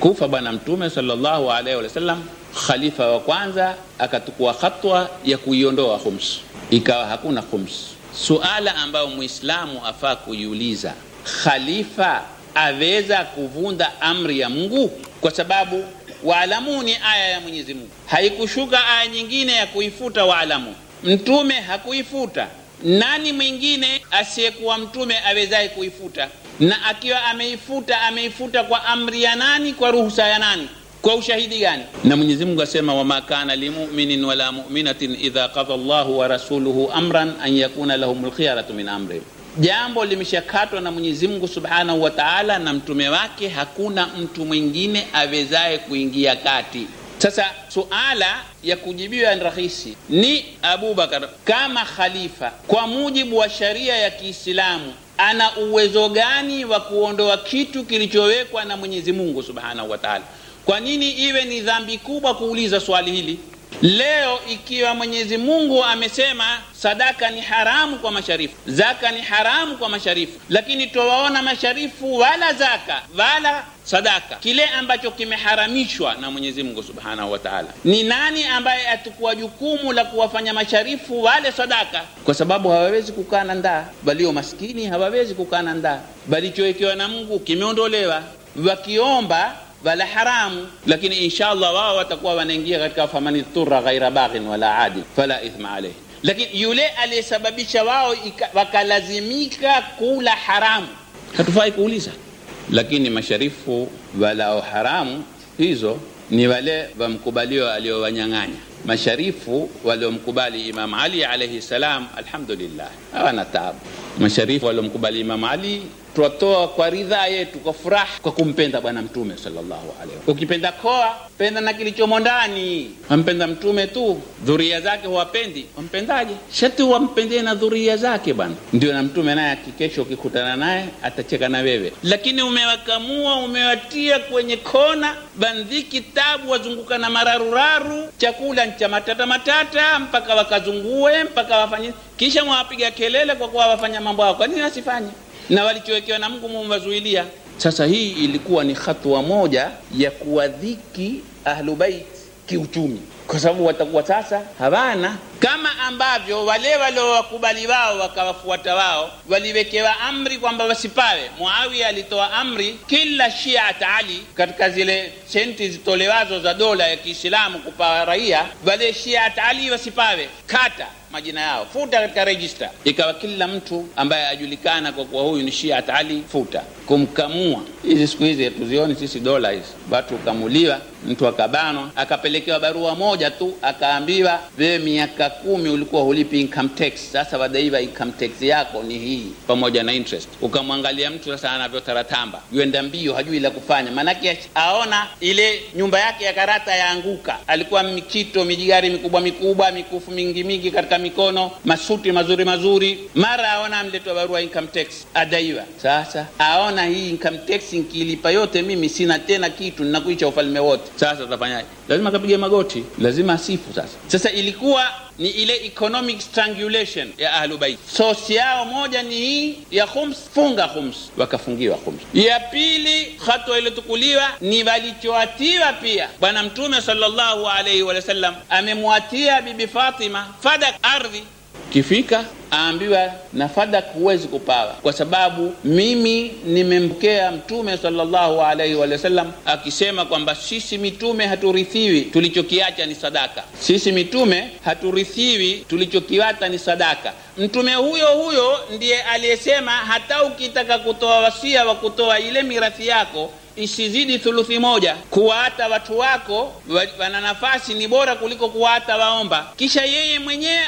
kufa bwana mtume sallallahu alaihi wasallam khalifa wa kwanza akatukua hatwa ya kuiondoa khums ikawa hakuna khumsi Suala ambayo Muislamu afaa kuiuliza khalifa aweza kuvunda amri ya Mungu? Kwa sababu waalamuni, ni aya ya Mwenyezi Mungu, haikushuka aya nyingine ya kuifuta waalamu. Mtume hakuifuta. Nani mwingine asiyekuwa mtume awezaye kuifuta? Na akiwa ameifuta, ameifuta kwa amri ya nani? Kwa ruhusa ya nani? Kwa ushahidi gani? Na Mwenyezi Mungu asema, wama kana limuminin wala muminatin idha qadha llahu wa rasuluhu amran an yakuna lahum khiyaratu min amri Jambo limeshakatwa na Mwenyezi Mungu Subhanahu wa Ta'ala na mtume wake, hakuna mtu mwingine awezaye kuingia kati. Sasa suala ya kujibiwa ni rahisi, ni Abubakar kama khalifa kwa mujibu wa sharia ya Kiislamu ana uwezo gani wa kuondoa kitu kilichowekwa na Mwenyezi Mungu Subhanahu wa Ta'ala? Kwa nini iwe ni dhambi kubwa kuuliza swali hili leo, ikiwa Mwenyezi Mungu amesema sadaka ni haramu kwa masharifu, zaka ni haramu kwa masharifu, lakini twawaona masharifu wala zaka wala sadaka. Kile ambacho kimeharamishwa na Mwenyezi Mungu Subhanahu wa Ta'ala, ni nani ambaye atakuwa jukumu la kuwafanya masharifu wale sadaka? Kwa sababu hawawezi kukaa na ndaa, walio maskini hawawezi kukaa na ndaa, balichowekewa na Mungu kimeondolewa, wakiomba wala haramu, lakini insha Allah wao watakuwa wanaingia katika faman turra ghaira baghin wala adil fala ithma alayhi. Lakini yule aliyesababisha wao wakalazimika kula haramu, hatufai kuuliza. Lakini masharifu walao haramu hizo ni wale wamkubalio aliowanyang'anya masharifu waliomkubali Imam Ali alayhi salam, alhamdulillah hawana taabu. Masharifu waliomkubali Imam Ali twatoa kwa ridhaa yetu, kwa furaha, kwa kumpenda Bwana Mtume sallallahu alaihi wasallam. Ukipenda koa, penda na kilichomo ndani. Wampenda Mtume tu, dhuria zake huwapendi, wampendaje? Shati wampendee na dhuria zake bwana. Ndio na Mtume naye akikesha, ukikutana naye atacheka na wewe, lakini umewakamua, umewatia kwenye kona, bandhi kitabu wazunguka na mararuraru, chakula ncha matata matata, mpaka wakazungue, mpaka wafanye, kisha mwawapiga kelele kwa kuwa wafanya mambo yao. Kwa nini wasifanye? na walichowekewa na Mungu mumwazuilia. Sasa hii ilikuwa ni hatua moja ya kuwadhiki ahlubait kiuchumi, kwa sababu watakuwa sasa hawana kama ambavyo wale waliowakubali wao wakawafuata wao waliwekewa amri kwamba wasipawe. Muawiya alitoa amri kila Shiat Ali katika zile senti zitolewazo za dola ya Kiislamu kupawa raia, wale Shiat Ali wasipawe kata majina yao, futa katika rejista, ikawa kila mtu ambaye ajulikana kwa kuwa huyu ni Shiat Ali, futa kumkamua. Hizi siku hizi hatuzioni sisi dola hizi, watu ukamuliwa, mtu akabanwa, akapelekewa barua moja tu, akaambiwa wewe, miaka kumi ulikuwa hulipi income tax, sasa wadaiwa income tax yako ni hii pamoja na interest. Ukamwangalia mtu sasa anavyotaratamba, yuenda mbio, hajui la kufanya, maanake aona ile nyumba yake ya karata yaanguka. Alikuwa mikito, mijigari mikubwa mikubwa, mikufu mingi mingi katika mikono, masuti mazuri mazuri, mara aona amletwa barua income tax, adaiwa. Sasa aona nikaona hii income tax nikilipa yote mimi sina tena kitu, ninakuicha ufalme wote. Sasa utafanyaje? Lazima akapiga magoti, lazima asifu. Sasa sasa ilikuwa ni ile economic strangulation ya Ahlubait. Sosi yao moja ni hii ya khums, funga khums, wakafungiwa khums. Ya pili hatua iliyochukuliwa ni walichoatiwa pia. Bwana Mtume sallallahu alaihi sallam amemwatia Bibi Fatima fadak ardhi kifika aambiwa na fadak huwezi kupawa, kwa sababu mimi nimempokea Mtume sallallahu alaihi wa sallam akisema kwamba sisi mitume haturithiwi, tulichokiacha ni sadaka. Sisi mitume haturithiwi, tulichokiwata ni sadaka. Mtume huyo huyo ndiye aliyesema hata ukitaka kutoa wasia wa kutoa ile mirathi yako isizidi thuluthi moja. Kuwaata watu wako wana nafasi ni bora kuliko kuwaata waomba, kisha yeye mwenyewe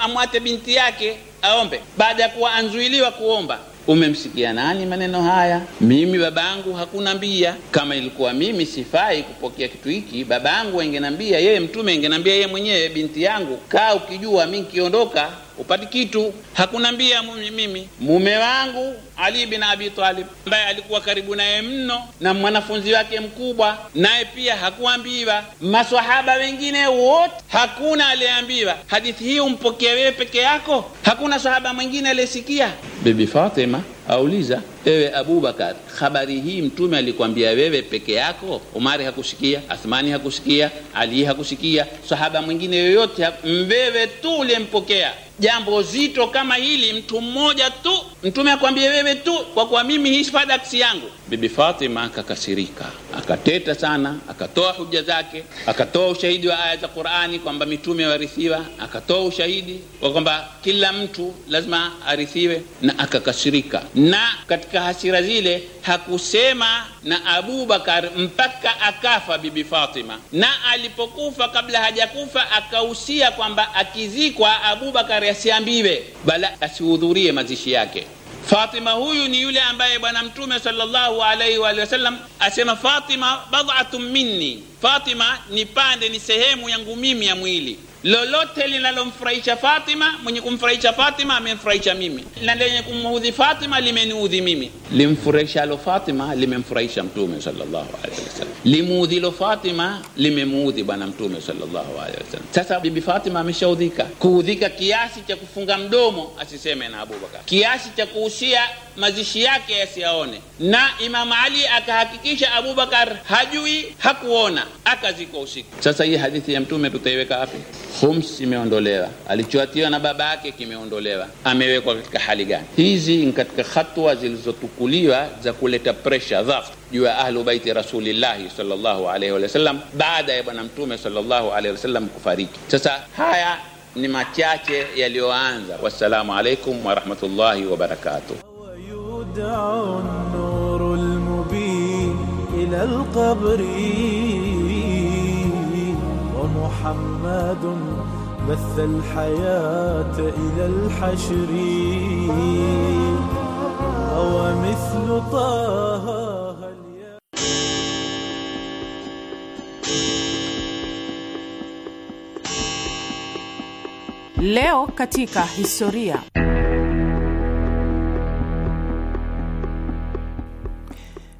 amwate binti yake aombe baada ya kuwa anzuiliwa kuomba. Umemsikia nani maneno haya? Mimi babangu hakunambia. Kama ilikuwa mimi sifai kupokea kitu hiki, babangu angenambia yeye, mtume angenambia yeye mwenyewe, binti yangu, kaa ukijua mi nkiondoka upati kitu. Hakunambia mimi mume wangu Ali bin Abi Talib ambaye alikuwa karibu naye mno na mwanafunzi wake mkubwa, naye pia hakuambiwa. Maswahaba wengine wote hakuna aliyeambiwa. Hadithi hii umpokea wewe peke yako, hakuna sahaba mwingine aliyesikia. Bibi Fatima auliza ewe Abubakar, habari hii mtume alikwambia wewe peke yako? Umari hakusikia, Athmani hakusikia, Ali hakusikia, sahaba mwingine yoyote? Mwewe tu uliyempokea jambo zito kama hili, mtu mmoja tu, mtume akwambie wewe tu, kwa kuwa mimi hii spadaks yangu Bibi Fatima akakasirika, akateta sana, akatoa hoja zake, akatoa ushahidi wa aya za Qur'ani kwamba mitume warithiwa, akatoa ushahidi wa kwamba kila mtu lazima arithiwe, na akakasirika. Na katika hasira zile hakusema na Abu Bakar mpaka akafa Bibi Fatima, na alipokufa, kabla hajakufa, akahusia kwamba akizikwa Abu Bakar asiambiwe, bala asihudhurie mazishi yake. Fatima huyu ni yule ambaye Bwana Mtume sallallahu alaihi wa wasallam asema, Fatima bad'atun minni, Fatima ni pande, ni sehemu yangu mimi ya mwili lolote linalomfurahisha Fatima, mwenye kumfurahisha Fatima amemfurahisha mimi, na lenye kumuudhi Fatima limeniudhi mimi. Limfurahishalo Fatima limemfurahisha Mtume sallallahu alaihi wasallam, limuudhilo Fatima limemuudhi Bwana Mtume sallallahu alaihi wasallam. Sasa Bibi Fatima ameshaudhika, kuudhika kiasi cha kufunga mdomo asiseme na Abubakar, kiasi cha kuhusia mazishi yake yasiyaone, na Imam Ali akahakikisha Abubakar hajui, hakuona, akazikwa usiku. Sasa hii hadithi ya Mtume tutaiweka wapi? khums imeondolewa, alichoatiwa na baba yake kimeondolewa, amewekwa katika hali gani? Hizi ni katika hatua zilizotukuliwa za kuleta presha dhaf juu ya ahlu baiti rasulillahi sallallahu alaihi wasallam baada ya bwana mtume sallallahu alaihi wasallam kufariki. Sasa haya ni machache yaliyoanza. Wassalamu alaikum warahmatullahi wabarakatuh. محمد بث الحياة إلى الحشر مثل طه Leo katika historia.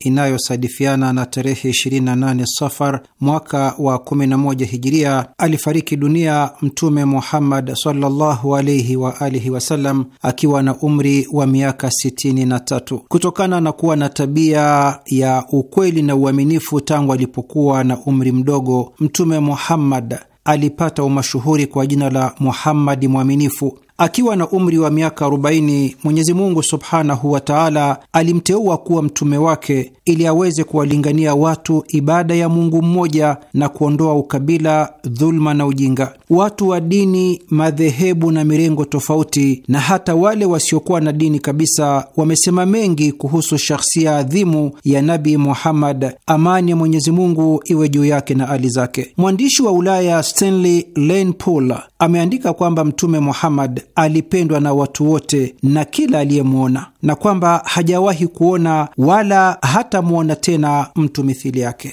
inayosadifiana na tarehe 28 Safar mwaka wa 11 Hijiria, alifariki dunia Mtume Muhammad sallallahu alaihi wa alihi wasallam akiwa na umri wa miaka 63. Kutokana na kuwa na tabia ya ukweli na uaminifu tangu alipokuwa na umri mdogo, Mtume Muhammad alipata umashuhuri kwa jina la Muhammadi Mwaminifu. Akiwa na umri wa miaka 40 Mwenyezi Mungu subhanahu wa taala alimteua kuwa mtume wake ili aweze kuwalingania watu ibada ya Mungu mmoja na kuondoa ukabila, dhuluma na ujinga. Watu wa dini, madhehebu na mirengo tofauti, na hata wale wasiokuwa na dini kabisa, wamesema mengi kuhusu shakhsia adhimu ya Nabi Muhammad, amani ya Mwenyezi Mungu iwe juu yake na ali zake. Mwandishi wa Ulaya Stanley Lane Poole ameandika kwamba Mtume Muhammad alipendwa na watu wote na kila aliyemwona, na kwamba hajawahi kuona wala hatamwona tena mtu mithili yake.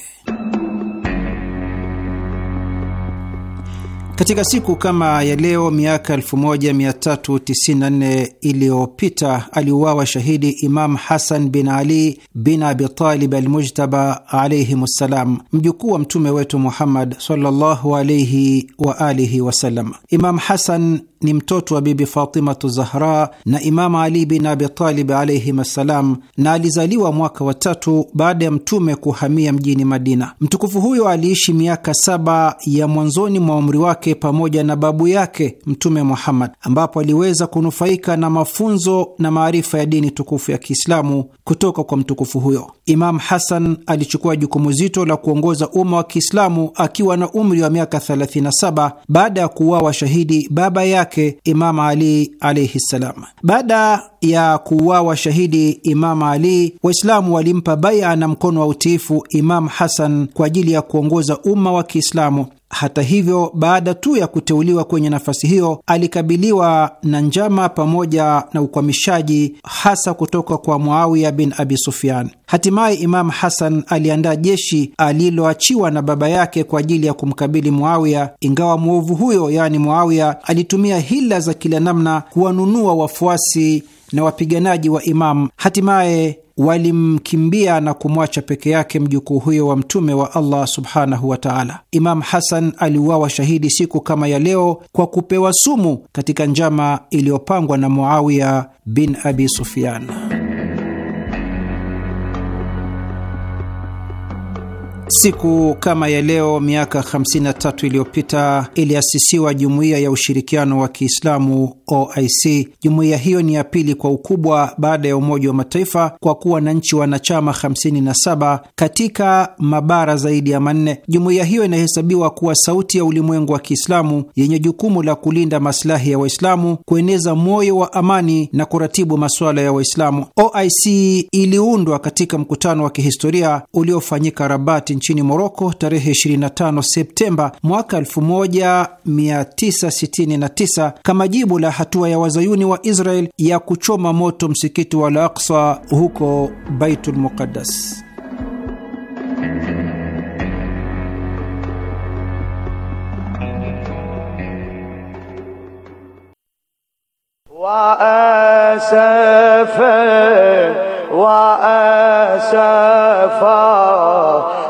Katika siku kama ya leo miaka 1394 iliyopita aliuawa shahidi Imam Hasan bin Ali bin Abitalib Almujtaba alaihim ssalam, mjukuu wa mtume wetu Muhammad sallallahu alaihi waalihi wasallam. Imam Hasan ni mtoto wa Bibi Fatimatu Zahra na imamu Ali bin Abitalib alayhim assalam, na alizaliwa mwaka wa tatu baada ya Mtume kuhamia mjini Madina. Mtukufu huyo aliishi miaka saba ya mwanzoni mwa umri wake pamoja na babu yake Mtume Muhammad, ambapo aliweza kunufaika na mafunzo na maarifa ya dini tukufu ya Kiislamu kutoka kwa mtukufu huyo. Imam Hasan alichukua jukumu zito la kuongoza umma wa Kiislamu akiwa na umri wa miaka 37 baada ya kuuawa shahidi baba yake yake Imam Ali alaihi ssalam. Baada ya kuuawa shahidi Imam Ali, Waislamu walimpa baia na mkono wa utiifu Imam Hasan kwa ajili ya kuongoza umma wa Kiislamu hata hivyo, baada tu ya kuteuliwa kwenye nafasi hiyo, alikabiliwa na njama pamoja na ukwamishaji, hasa kutoka kwa Muawiya bin Abi Sufyan. Hatimaye imamu Hasan aliandaa jeshi aliloachiwa na baba yake kwa ajili ya kumkabili Muawiya, ingawa mwovu huyo, yaani Muawiya, alitumia hila za kila namna kuwanunua wafuasi na wapiganaji wa imamu hatimaye walimkimbia na kumwacha peke yake mjukuu huyo wa Mtume wa Allah subhanahu wa taala. Imam Hasan aliuawa shahidi siku kama ya leo kwa kupewa sumu katika njama iliyopangwa na Muawiya bin Abi Sufyan. Siku kama ya leo miaka 53 iliyopita iliasisiwa Jumuiya ya Ushirikiano wa Kiislamu OIC. Jumuiya hiyo ni ya pili kwa ukubwa baada ya Umoja wa Mataifa kwa kuwa na nchi wanachama 57 katika mabara zaidi ya manne. Jumuiya hiyo inahesabiwa kuwa sauti ya ulimwengu wa Kiislamu yenye jukumu la kulinda masilahi ya Waislamu, kueneza moyo wa amani na kuratibu masuala ya Waislamu. OIC iliundwa katika mkutano wa kihistoria uliofanyika Rabati nchini Moroko tarehe 25 Septemba mwaka 1969 kama jibu la hatua ya wazayuni wa Israel ya kuchoma moto msikiti wa Al huko Baitul Muqaddas.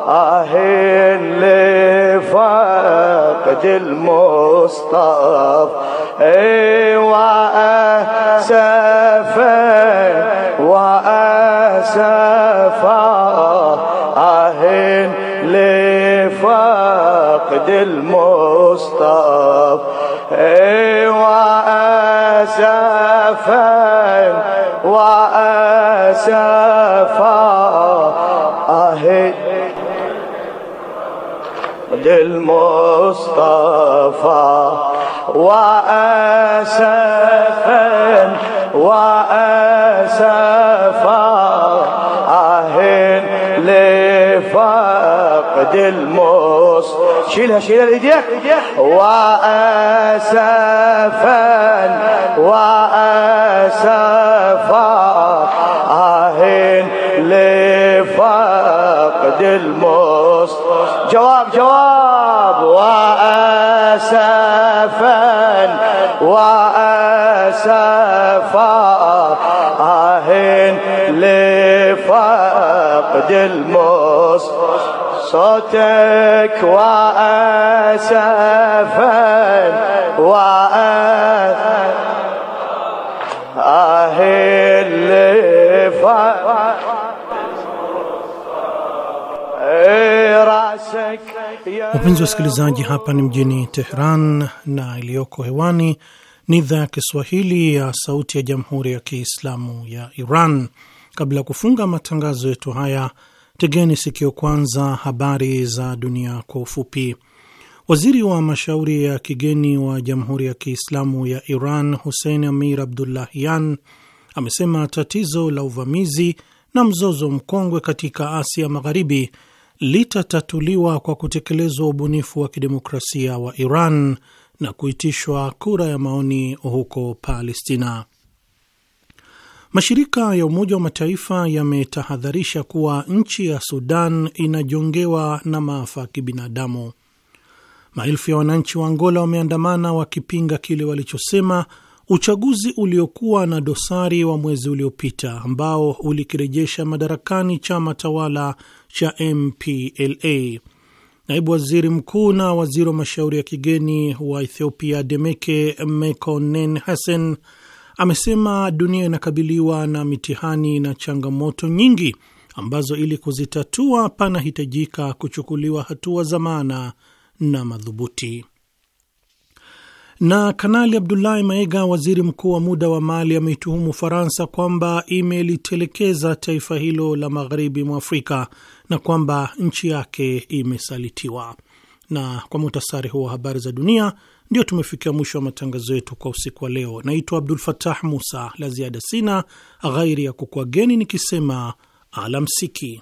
آه اللي فقد المصطفى اي وأسفه وأسفه آه اللي فقد المصطفى اي وأسفه وأسفه للمصطفى وأسفا وأسفا أهل لفقد المصطفى شيلها شيلها لإيديك وأسفا وأسفا أهل لفقد المصطفى جواب جواب وأسفا وأسفا آهن لفقد المصطفى صوتك وأسفا Wapenzi wasikilizaji, hapa ni mjini teheran na iliyoko hewani ni idhaa ya Kiswahili ya Sauti ya Jamhuri ya Kiislamu ya Iran. Kabla ya kufunga matangazo yetu haya, tegeni sikio kwanza habari za dunia kwa ufupi. Waziri wa mashauri ya kigeni wa Jamhuri ya Kiislamu ya Iran Hussein Amir Abdullahian amesema tatizo la uvamizi na mzozo mkongwe katika Asia Magharibi litatatuliwa kwa kutekelezwa ubunifu wa kidemokrasia wa Iran na kuitishwa kura ya maoni huko Palestina. Mashirika ya Umoja wa Mataifa yametahadharisha kuwa nchi ya Sudan inajongewa na maafa ya kibinadamu. Maelfu ya wananchi wa Angola wameandamana wakipinga kile walichosema uchaguzi uliokuwa na dosari wa mwezi uliopita ambao ulikirejesha madarakani chama tawala cha MPLA. Naibu waziri mkuu na waziri wa mashauri ya kigeni wa Ethiopia Demeke Mekonnen Hassen amesema dunia inakabiliwa na mitihani na changamoto nyingi ambazo ili kuzitatua panahitajika kuchukuliwa hatua za maana na madhubuti. Na Kanali Abdullahi Maega, waziri mkuu wa muda wa Mali, ameituhumu Ufaransa kwamba imelitelekeza taifa hilo la magharibi mwa Afrika na kwamba nchi yake imesalitiwa. Na kwa muhtasari huo wa habari za dunia, ndio tumefikia mwisho wa matangazo yetu kwa usiku wa leo. Naitwa Abdul Fatah Musa. La ziada sina ghairi ya kukwageni nikisema alamsiki.